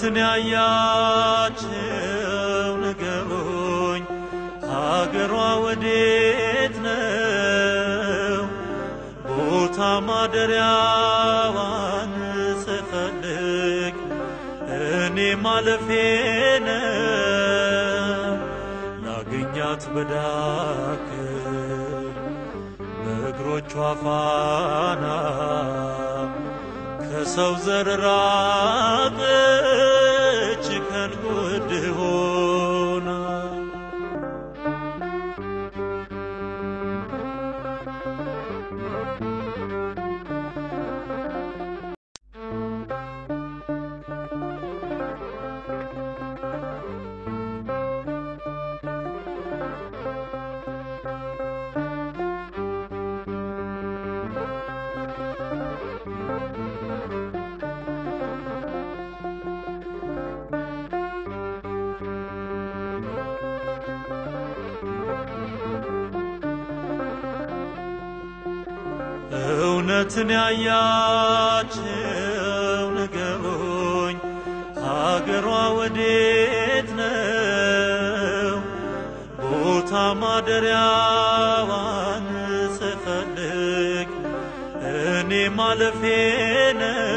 የትን ያያችሁ ንገሩኝ፣ ሀገሯ ወዴት ነው? ቦታ ማደሪያዋን ስፈልግ እኔ ማለፌ ነው። ላገኛት በዳክር በእግሮቿ ፋና ከሰው ዘር ራቅ ሕይወትን ያያችሁ ንገሩኝ፣ ሀገሯ ወዴት ነው? ቦታ ማደሪያዋን ስፈልግ እኔ ማለፌ ነው።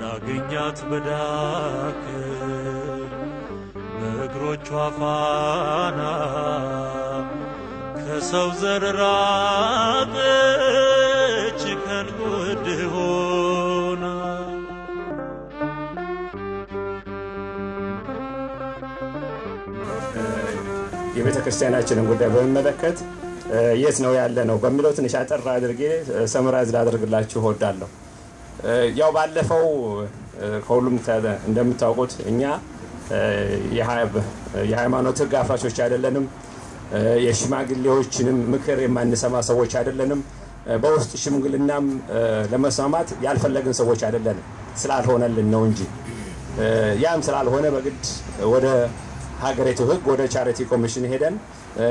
ላገኛት በዳክር በእግሮቿ ፋና ከሰው ዘር ራቅ የቤተ ክርስቲያናችንን ጉዳይ በመመለከት የት ነው ያለ ነው በሚለው ትንሽ አጠር አድርጌ ሰምራዝ ላደርግላችሁ እወዳለሁ። ያው ባለፈው ከሁሉም እንደምታውቁት እኛ የሃይማኖት ህግ አፍራሾች አይደለንም። የሽማግሌዎችንም ምክር የማንሰማ ሰዎች አይደለንም። በውስጥ ሽምግልናም ለመስማማት ያልፈለግን ሰዎች አይደለንም። ስላልሆነልን ነው እንጂ ያም ስላልሆነ በግድ ወደ ሀገሪቱ ህግ ወደ ቻሪቲ ኮሚሽን ሄደን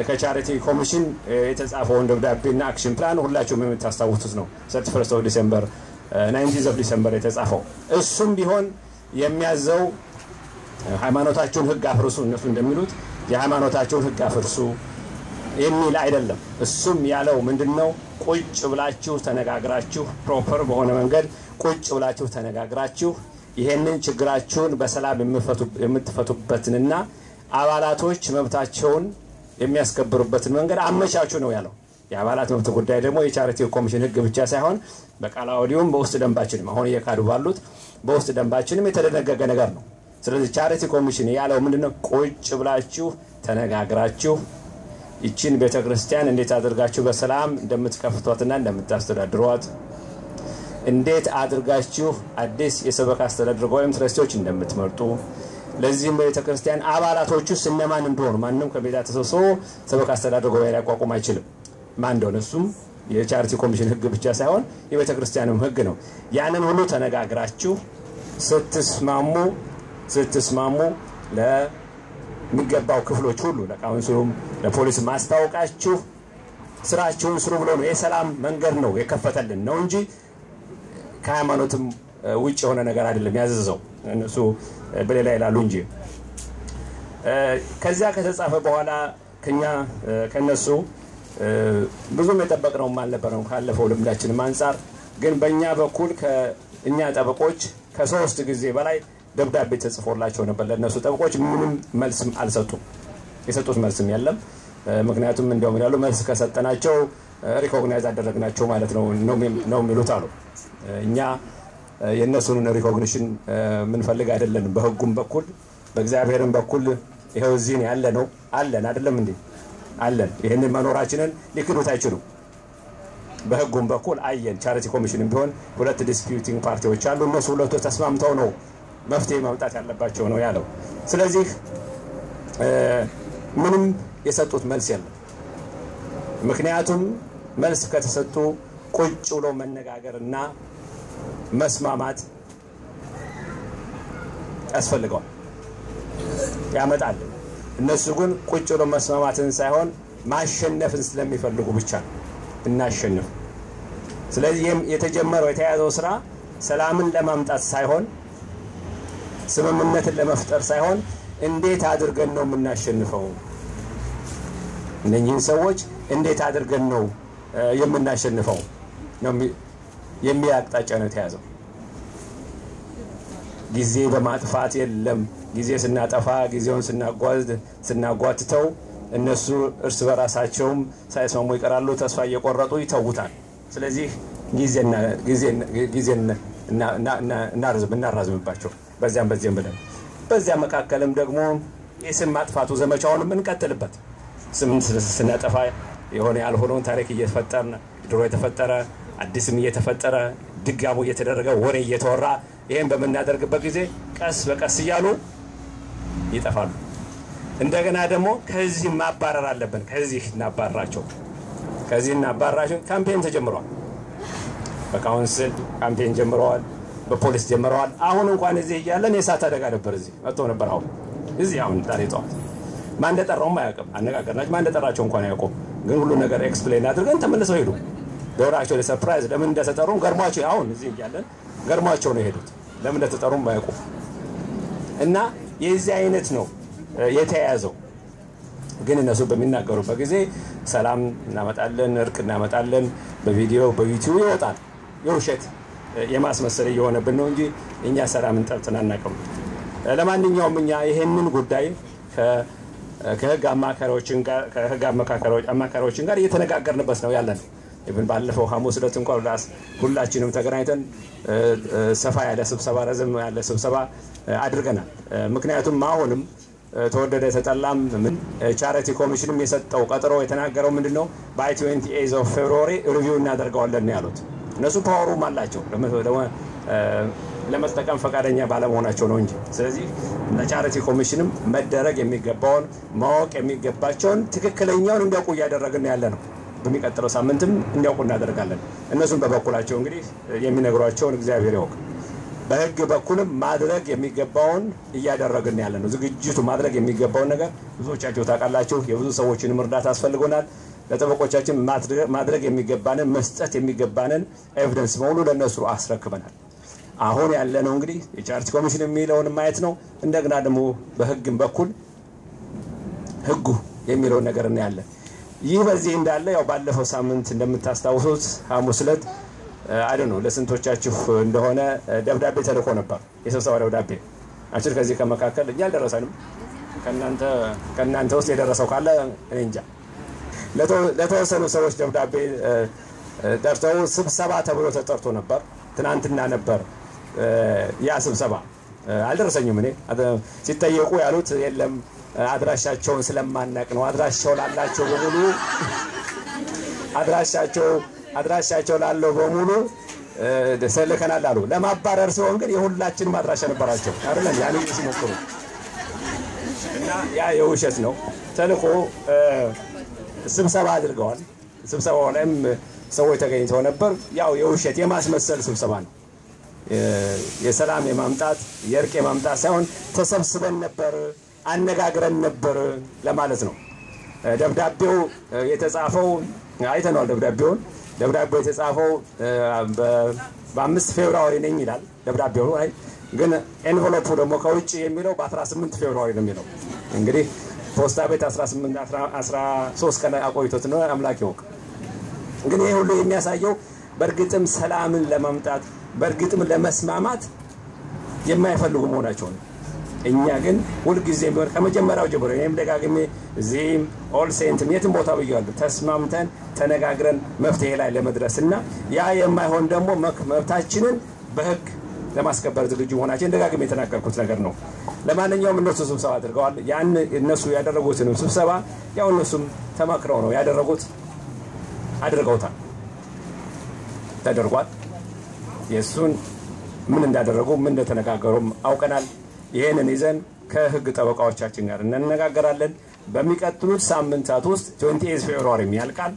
ከቻሪቲ ኮሚሽን የተጻፈውን ደብዳቤና አክሽን ፕላን ሁላችሁም የምታስታውሱት ነው። ሰርቲ ኦፍ ዲሰምበር ናይንቲንዝ ኦፍ ዲሰምበር የተጻፈው እሱም ቢሆን የሚያዘው ሃይማኖታችሁን ህግ አፍርሱ እነሱ እንደሚሉት የሃይማኖታችሁን ህግ አፍርሱ የሚል አይደለም። እሱም ያለው ምንድን ነው? ቁጭ ብላችሁ ተነጋግራችሁ ፕሮፐር በሆነ መንገድ ቁጭ ብላችሁ ተነጋግራችሁ ይሄንን ችግራችሁን በሰላም የምትፈቱበትንና አባላቶች መብታቸውን የሚያስከብሩበትን መንገድ አመቻቹ ነው ያለው። የአባላት መብት ጉዳይ ደግሞ የቻሪቲ ኮሚሽን ህግ ብቻ ሳይሆን በቃለ በውስጥ ደንባችንም አሁን እየካዱ ባሉት በውስጥ ደንባችንም የተደነገገ ነገር ነው። ስለዚህ ቻሪቲ ኮሚሽን ያለው ምንድነው? ቁጭ ብላችሁ ተነጋግራችሁ ይችን ቤተ ክርስቲያን እንዴት አድርጋችሁ በሰላም እንደምትከፍቷትና እንደምታስተዳድሯት እንዴት አድርጋችሁ አዲስ የሰበካ አስተዳድር ወይም ትረስቲዎች እንደምትመርጡ ለዚህም በቤተ ክርስቲያን አባላቶቹስ እነማን እንደሆኑ ማንም ከቤዳ ተሰብስቦ ሰበካ አስተዳደር ጉባኤ ሊያቋቁም አይችልም። ማን እንደሆነ እሱም የቻሪቲ ኮሚሽን ህግ ብቻ ሳይሆን የቤተ ክርስቲያንም ህግ ነው። ያንን ሁሉ ተነጋግራችሁ ስትስማሙ ስትስማሙ ለሚገባው ክፍሎች ሁሉ ለካውንስሉም ለፖሊስ ማስታወቃችሁ ስራችሁን ስሩ ብሎ ነው። የሰላም መንገድ ነው የከፈተልን ነው እንጂ ከሃይማኖትም ውጭ የሆነ ነገር አይደለም ያዘዘው እነሱ በሌላ ይላሉ እንጂ ከዚያ ከተጻፈ በኋላ ከኛ ከነሱ ብዙም የጠበቅነውም አልነበረም ካለፈው ልምዳችንም አንጻር። ግን በእኛ በኩል ከእኛ ጠበቆች ከሶስት ጊዜ በላይ ደብዳቤ ተጽፎላቸው ነበር። ለእነሱ ጠበቆች ምንም መልስም አልሰጡም። የሰጡት መልስም የለም። ምክንያቱም እንደውም ይላሉ መልስ ከሰጠናቸው ሪኮግናይዝ አደረግናቸው ማለት ነው ነው የሚሉት አሉ እኛ የእነሱን ሪኮግኒሽን የምንፈልግ አይደለንም። በህጉም በኩል በእግዚአብሔርም በኩል ይኸው እዚህን ያለ ነው አለን። አይደለም እንዴ አለን። ይህንን መኖራችንን ሊክዱት አይችሉም። በህጉም በኩል አየን። ቻሪቲ ኮሚሽንም ቢሆን ሁለት ዲስፒዩቲንግ ፓርቲዎች አሉ። እነሱ ሁለቱ ተስማምተው ነው መፍትሄ ማምጣት ያለባቸው ነው ያለው። ስለዚህ ምንም የሰጡት መልስ የለም። ምክንያቱም መልስ ከተሰጡ ቁጭ ብሎ እና መስማማት ያስፈልገዋል፣ ያመጣል። እነሱ ግን ቁጭ ብሎ መስማማትን ሳይሆን ማሸነፍን ስለሚፈልጉ ብቻ እናሸንፍ። ስለዚህ የተጀመረው የተያዘው ስራ ሰላምን ለማምጣት ሳይሆን ስምምነትን ለመፍጠር ሳይሆን እንዴት አድርገን ነው የምናሸንፈው? እነኚህን ሰዎች እንዴት አድርገን ነው የምናሸንፈው የሚል አቅጣጫ ነው የተያዘው። ጊዜ በማጥፋት የለም። ጊዜ ስናጠፋ ጊዜውን ስናጓትተው እነሱ እርስ በራሳቸውም ሳይስማሙ ይቀራሉ፣ ተስፋ እየቆረጡ ይተውታል። ስለዚህ ጊዜ እናራዝምባቸው በዚያም በዚህም ብለን በዚያ መካከልም ደግሞ የስም ማጥፋቱ ዘመቻውንም እንቀጥልበት። ስም ስናጠፋ የሆነ ያልሆነውን ታሪክ እየፈጠርን ድሮ የተፈጠረ አዲስም እየተፈጠረ ድጋሙ እየተደረገ ወሬ እየተወራ ይህም በምናደርግበት ጊዜ ቀስ በቀስ እያሉ ይጠፋሉ። እንደገና ደግሞ ከዚህ ማባረር አለብን። ከዚህ እናባረራቸው፣ ከዚህ እናባረራቸው። ካምፔን ተጀምረዋል። በካውንስል ካምፔን ጀምረዋል፣ በፖሊስ ጀምረዋል። አሁን እንኳን እዚህ እያለን የእሳት አደጋ ነበር። እዚህ መጥቶ ነበር። አሁን እዚህ አሁን ጣሪ ጠዋት ማን እንደጠራውም አያውቅም። አነጋገርናቸው ማን እንደጠራቸው እንኳን አያውቁም። ግን ሁሉ ነገር ኤክስፕሌን አድርገን ተመልሰው ሄዱ። ዶራቸው ለሰርፕራይዝ ለምን እንደተጠሩ ገርሟቸው አሁን እዚህ እያለን ገርሟቸው ነው የሄዱት። ለምን እንደተጠሩ ባያውቁ እና የዚህ አይነት ነው የተያያዘው። ግን እነሱ በሚናገሩበት ጊዜ ሰላም እናመጣለን፣ እርቅ እናመጣለን፣ በቪዲዮ በዩቲዩብ ይወጣል። የውሸት የማስመሰል እየሆነብን ነው እንጂ እኛ ሰላም ጠብትን አናውቅም። ለማንኛውም እኛ ይህንን ጉዳይ ከህግ አማካሪዎችን ጋር እየተነጋገርንበት ነው ያለን ነው። ኢቭን ባለፈው ሐሙስ ለት እንኳን ሁላችንም ተገናኝተን ሰፋ ያለ ስብሰባ ረዘም ያለ ስብሰባ አድርገናል። ምክንያቱም አሁንም ተወደደ ተጠላም ምን ቻሪቲ ኮሚሽንም የሰጠው ቀጥሮ የተናገረው ምንድን ነው? በአይ ትዌንቲ ኤይዝ ኦፍ ፌብሪ ሪቪው እናደርገዋለን ያሉት እነሱ ፓወሩም አላቸው ለመጠቀም ፈቃደኛ ባለመሆናቸው ነው እንጂ። ስለዚህ ለቻሪቲ ኮሚሽንም መደረግ የሚገባውን ማወቅ የሚገባቸውን ትክክለኛውን እንዲያውቁ እያደረግን ያለ ነው። በሚቀጥለው ሳምንትም እንዲያውቁ እናደርጋለን። እነሱም በበኩላቸው እንግዲህ የሚነግሯቸውን እግዚአብሔር ያውቅ። በህግ በኩልም ማድረግ የሚገባውን እያደረግን ያለ ነው። ዝግጅቱ ማድረግ የሚገባውን ነገር ብዙዎቻቸው ታውቃላችሁ። የብዙ ሰዎችንም እርዳታ አስፈልጎናል። ለጠበቆቻችን ማድረግ የሚገባንን መስጠት የሚገባንን ኤቪደንስ በሙሉ ለእነሱ አስረክበናል። አሁን ያለ ነው እንግዲህ የቻርጅ ኮሚሽን የሚለውን ማየት ነው። እንደገና ደግሞ በህግም በኩል ህጉ የሚለውን ነገር እናያለን። ይህ በዚህ እንዳለ ያው ባለፈው ሳምንት እንደምታስታውሱት ሐሙስ ዕለት አይ ነው ለስንቶቻችሁ እንደሆነ ደብዳቤ ተልኮ ነበር፣ የስብሰባ ደብዳቤ አችር ከዚህ ከመካከል እኛ አልደረሰንም። ከእናንተ ውስጥ የደረሰው ካለ እንጃ። ለተወሰኑ ሰዎች ደብዳቤ ጠርተው ስብሰባ ተብሎ ተጠርቶ ነበር። ትናንትና ነበር ያ ስብሰባ። አልደረሰኝም እኔ ሲጠየቁ ያሉት የለም አድራሻቸውን ስለማናቅ ነው። አድራሻው ላላቸው በሙሉ አድራሻቸው አድራሻቸው ላለው በሙሉ ሰልከናል አሉ። ለማባረር ሲሆን ግን የሁላችንም አድራሻ ነበራቸው አይደለም። ያን ሲሞክሩ እና ያ የውሸት ነው። ተልኮ ስብሰባ አድርገዋል። ስብሰባው ላይም ሰዎች ተገኝተው ነበር። ያው የውሸት የማስመሰል ስብሰባ ነው። የሰላም የማምጣት የእርቅ የማምጣት ሳይሆን ተሰብስበን ነበር አነጋግረን ነበር ለማለት ነው። ደብዳቤው የተጻፈው አይተነዋል። ደብዳቤውን ደብዳቤው የተጻፈው በአምስት ፌብርዋሪ ነኝ ይላል ደብዳቤው ነው ግን ኤንቨሎፑ ደግሞ ከውጭ የሚለው በ18 ፌብርዋሪ ነው የሚለው። እንግዲህ ፖስታ ቤት 13 ቀን አቆይቶት ነው አምላክ ይወቅ። ግን ይህ ሁሉ የሚያሳየው በእርግጥም ሰላምን ለማምጣት በእርግጥም ለመስማማት የማይፈልጉ መሆናቸው ነው። እኛ ግን ሁልጊዜ ቢሆን ከመጀመሪያው ጀምሮ ይህም ደጋግሜ እዚህም ኦልሴንትም የትም ቦታ ብያሉ ተስማምተን ተነጋግረን መፍትሄ ላይ ለመድረስ እና ያ የማይሆን ደግሞ መብታችንን በህግ ለማስከበር ዝግጁ መሆናችን ደጋግሜ የተናገርኩት ነገር ነው። ለማንኛውም እነሱ ስብሰባ አድርገዋል። ያን እነሱ ያደረጉትንም ስብሰባ ያው እነሱም ተማክረው ነው ያደረጉት፣ አድርገውታል፣ ተደርጓል። የእሱን ምን እንዳደረጉ ምን እንደተነጋገሩም አውቀናል። ይህንን ይዘን ከህግ ጠበቃዎቻችን ጋር እንነጋገራለን። በሚቀጥሉት ሳምንታት ውስጥ ትንቲ ፌብሩዋሪ ያልቃል።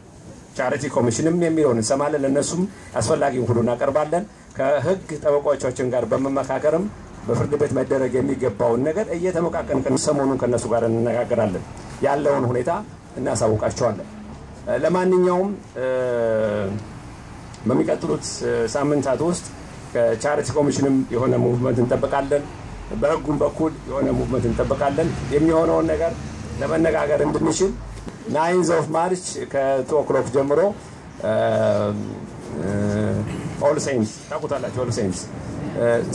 ቻሪቲ ኮሚሽንም የሚለውን እንሰማለን። ለእነሱም አስፈላጊውን ሁሉ እናቀርባለን። ከህግ ጠበቃዎቻችን ጋር በመመካከርም በፍርድ ቤት መደረግ የሚገባውን ነገር እየተመቃቀን ሰሞኑን ከእነሱ ጋር እንነጋገራለን። ያለውን ሁኔታ እናሳውቃቸዋለን። ለማንኛውም በሚቀጥሉት ሳምንታት ውስጥ ከቻሪቲ ኮሚሽንም የሆነ ሙቭመንት እንጠብቃለን። በህጉም በኩል የሆነ ሙቭመንት እንጠብቃለን። የሚሆነውን ነገር ለመነጋገር እንድንችል ናይንዝ ኦፍ ማርች ከቱ ኦክሎክ ጀምሮ ኦል ሴንስ ታውቁታላችሁ። ኦል ሴንስ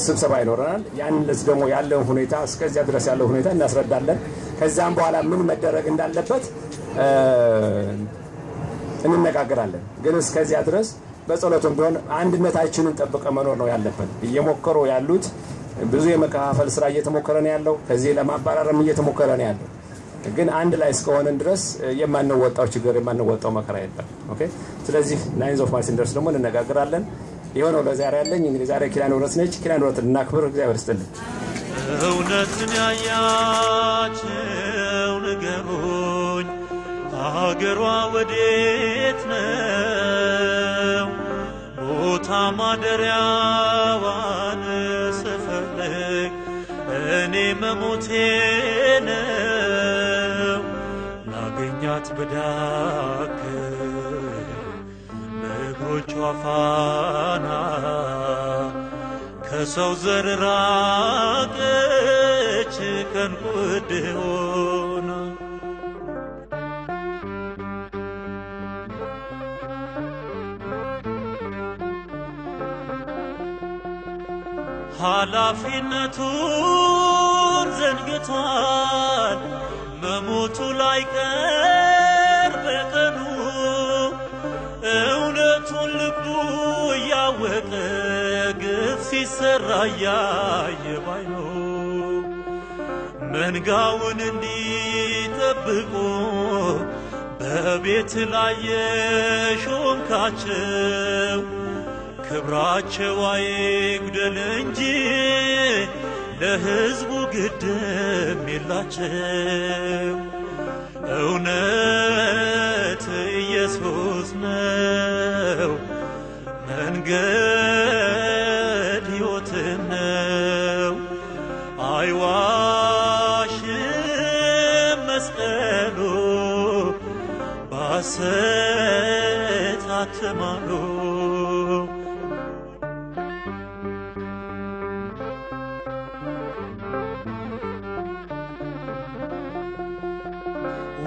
ስብሰባ ይኖረናል። ያንስ ደግሞ ያለውን ሁኔታ እስከዚያ ድረስ ያለው ሁኔታ እናስረዳለን። ከዚያም በኋላ ምን መደረግ እንዳለበት እንነጋገራለን። ግን እስከዚያ ድረስ በጸሎቱም ቢሆን አንድነታችንን ጠብቀ መኖር ነው ያለብን። እየሞከሩ ያሉት ብዙ የመከፋፈል ስራ እየተሞከረ ነው ያለው። ከዚህ ለማባረርም እየተሞከረ ነው ያለው። ግን አንድ ላይ እስከሆነን ድረስ የማንወጣው ችግር የማንወጣው መከራ የለም። ኦኬ። ስለዚህ ላይንስ ኦፍ ማርሲ እንደርስ ደግሞ እንነጋገራለን። የሆነው ለዛሬ ያለኝ እንግዲህ ዛሬ ኪዳነ ምሕረት ነች። ኪዳነ ምሕረት እናክብር። እግዚአብሔር ይስጥልን። እውነትን ያያቸው ንገሩኝ፣ አገሯ ወዴት ነው? ቦታ ማደሪያዋ መሞቴ ነው ላገኛት ብዳክር በእግሮቿ ፋና ከሰው ዘር ራቀች ከንቁ ኃላፊነቱን ዘንግቷል። መሞቱ ቀር በቀኑ እውነቱን ልቡ እያወቀ ግፍ ሲሰራ እያየ ባይኑ መንጋውን እንዲጠብቁ በቤት ላይ የሾምካቸው ክብራቸው አይጉደል እንጂ ለሕዝቡ ግድም የላቸው። እውነት ኢየሱስ ነው መንገድ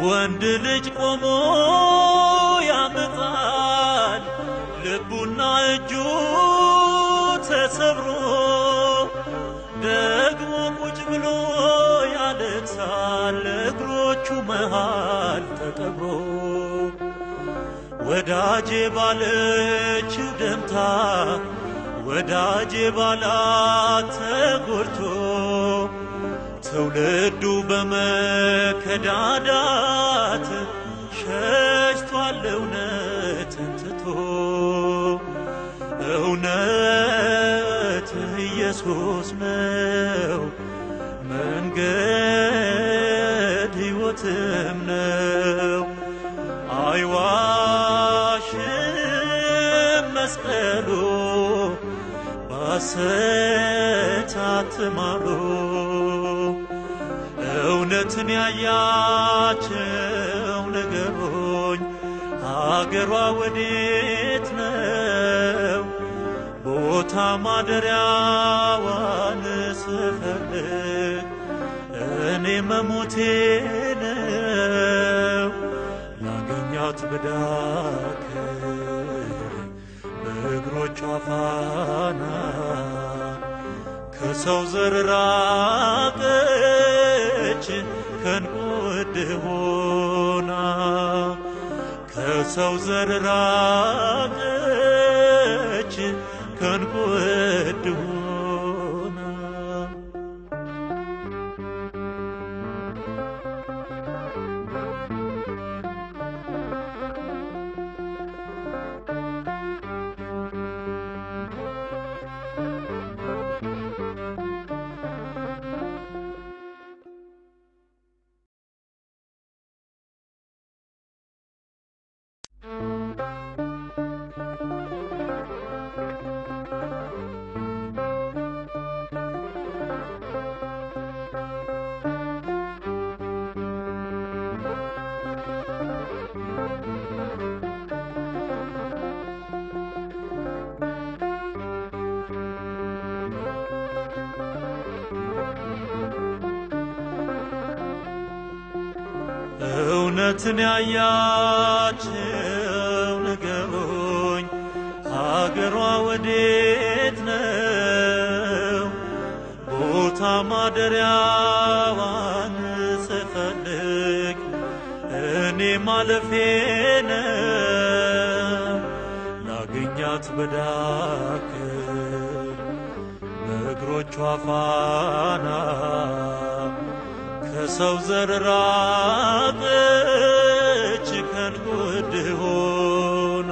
ወንድ ልጅ ቆሞ ያምጣል ልቡና እጁ ተሰብሮ ደግሞ ቁጭ ብሎ ያለቅሳል እግሮቹ መሃል ተቀብሮ ወዳጄ ባለችው ደምታ ወዳጄ ባላት ትውልዱ በመከዳዳት ሸሽቷል እውነትን ትቶ እውነት ኢየሱስ ነው መንገድ ሕይወትም ነው አይዋሽም መስቀሉ ባሰታትማሉ የትን ያያቸው ነገሩኝ። አገሯ ወዴት ነው? ቦታ ማደሪያዋን ስፈልግ እኔ መሞቴ ነው። ላገኛት ብዳክ በእግሮቿ ፋና ከሰው ዘር sau zărat እውነትን ያያችሁ ንገሩኝ፣ ሀገሯ ወዴት ነው? ቦታ ማደሪያዋን ስፈልግ እኔ ማለፌ ነው። ላገኛት በዳክር በእግሮቿ ፋና ሰው ዘር ራቀች ሆና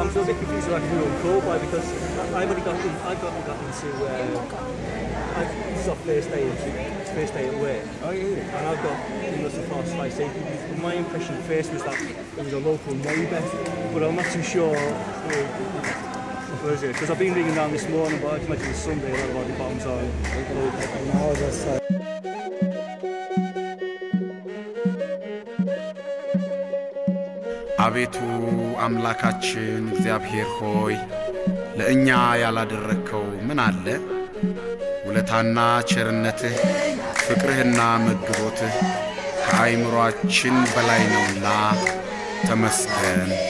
I'm a bit confused about who I'm called by because I only got got, into, uh, I, our first day, first day at work. Oh yeah. And I've got, you know, so far, like, But my impression first was that it was a local neighbour, but I'm not too sure. Uh, Was it? Because I've been ringing down this morning, but I can imagine it's Sunday and everybody bottoms are loaded. አቤቱ አምላካችን እግዚአብሔር ሆይ ለእኛ ያላደረግከው ምን አለ? ውለታና ቸርነትህ ፍቅርህና መግቦትህ ከአይምሮአችን በላይ ነውና ተመስገን።